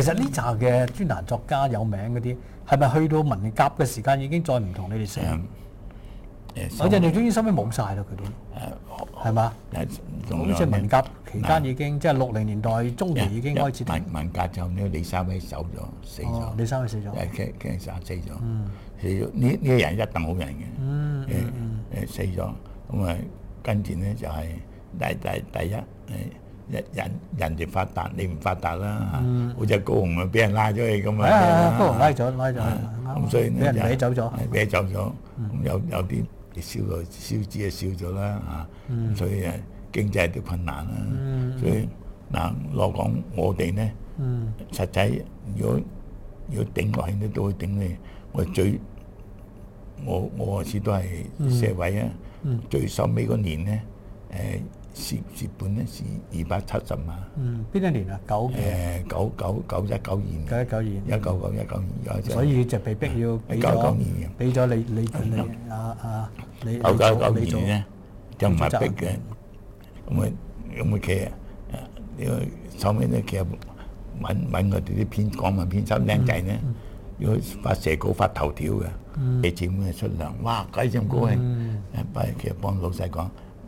其實呢扎嘅專欄作家有名嗰啲，係咪去到文革嘅時間已經再唔同你哋寫？啊、我印象中已經收尾冇晒啦，佢哋係嘛？即係文革期間已經即係六零年代中期已經開始、啊。文革就呢，李三威走咗，死咗。李三威死咗，誒，其實死咗。呢呢啲人一定好人嘅，死咗，咁啊跟住呢就係第第第一人人哋發達，你唔發達啦嚇！好似高雄啊，俾人拉咗去咁啊！高雄拉咗，拉咗。咁所以俾人走咗，搣走咗。有有啲燒來燒紙啊，燒咗啦嚇。咁所以啊，經濟都困難啦。所以嗱，我講我哋咧，實際如果要頂落去咧，都去頂你。我最我我始都係社位啊！最收尾嗰年咧，誒。蝕蝕本咧是二百七十萬。嗯，邊一年啊？九誒九九九一九二年。九一九二。一九九一九二。所以就被逼要俾咗俾咗你你你啊啊李做李做咧，就唔係逼嘅，咁咪咁咪 hea 啊？因為收尾咧 hea 揾揾我哋啲編講文編輯靚仔咧，要發社稿發頭條嘅，俾錢佢出糧，哇！鬼咁高興，其實幫老細講。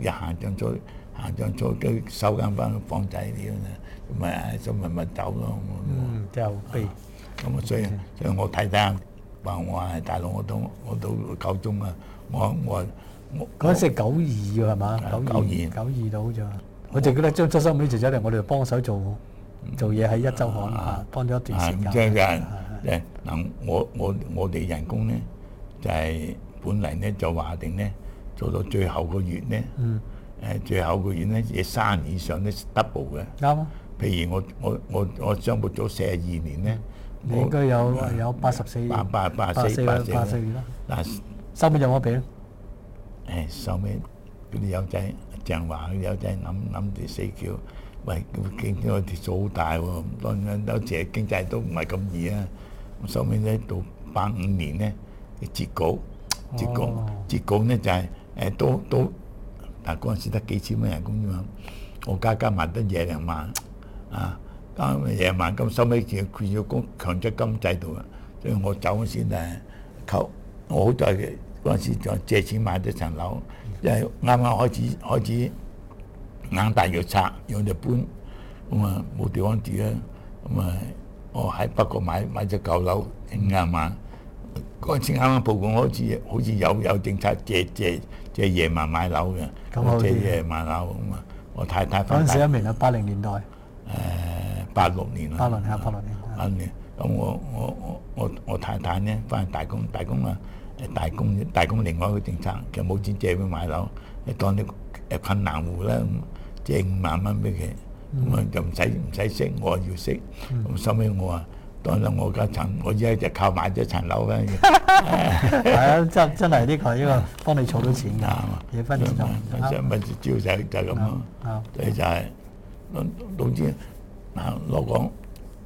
又下降咗，下降咗都收緊翻房仔啲啦，唔係就咪咪走咯。嗯，好悲咁啊！所以所以，我睇睇啊，話我係大佬，我都我都夠鐘啊，我我我嗰時九二嘅係嘛？九二九二到咋？我淨記得張出生尾就走嚟，我哋就幫手做做嘢喺一週行啊，幫咗一段時間。咁即係即係嗱，我我我哋人工咧就係本嚟咧就話定咧，做到最後個月咧，誒最後個月咧，嘢三年以上咧 double 嘅。啱啊！譬如我我我我張博咗四十二年咧，我應該有有八十四，八八八四八四。八四年啦。嗱，收尾有冇病？誒收尾嗰啲友仔，鄭華啲友仔諗諗住死橋喂，經濟條數好大喎，當然都有時經濟都唔係咁易啊。收尾咧到八五年咧，截稿截稿截稿咧就係。誒，都都，嗱嗰陣時得幾千蚊人工啫嘛。我家家下得廿萬，啊，家下咪廿萬咁，收尾佢要供強積金制度啊，所以我走嗰陣時咧，我好在嗰陣時就借錢買咗層樓，因為啱啱開始開始硬大要拆，要嚟搬，咁啊冇地方住啊。咁啊我喺北角買買咗舊樓，五十萬。買嗰陣時啱啱曝光，好似好似有有政策借，借借借夜晚買樓嘅，咁借夜晚買樓咁啊！我太太嗰陣時明啦，八零年代，誒八六年啊，八六年，咁我我我我我太太咧翻去大工大工啊，大工、嗯、大工大工另外一個政策，佢冇錢借俾買樓，誒當啲誒困難戶啦，借五萬蚊俾佢，咁啊就唔使唔使識，我要識。咁收尾我話～當陣我家層 呢、 就是，我依家就靠買咗層樓啦。係啊，真真係呢個呢個幫你儲到錢㗎，係嘛？結婚就咁，係咪主要就就咁咯？所以就係總之，嗱，我講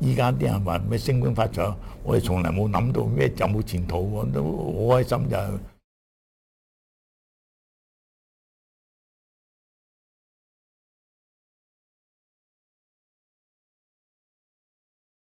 依家啲人話咩升官發財，我哋從來冇諗到咩就冇前途喎，都好開心就係。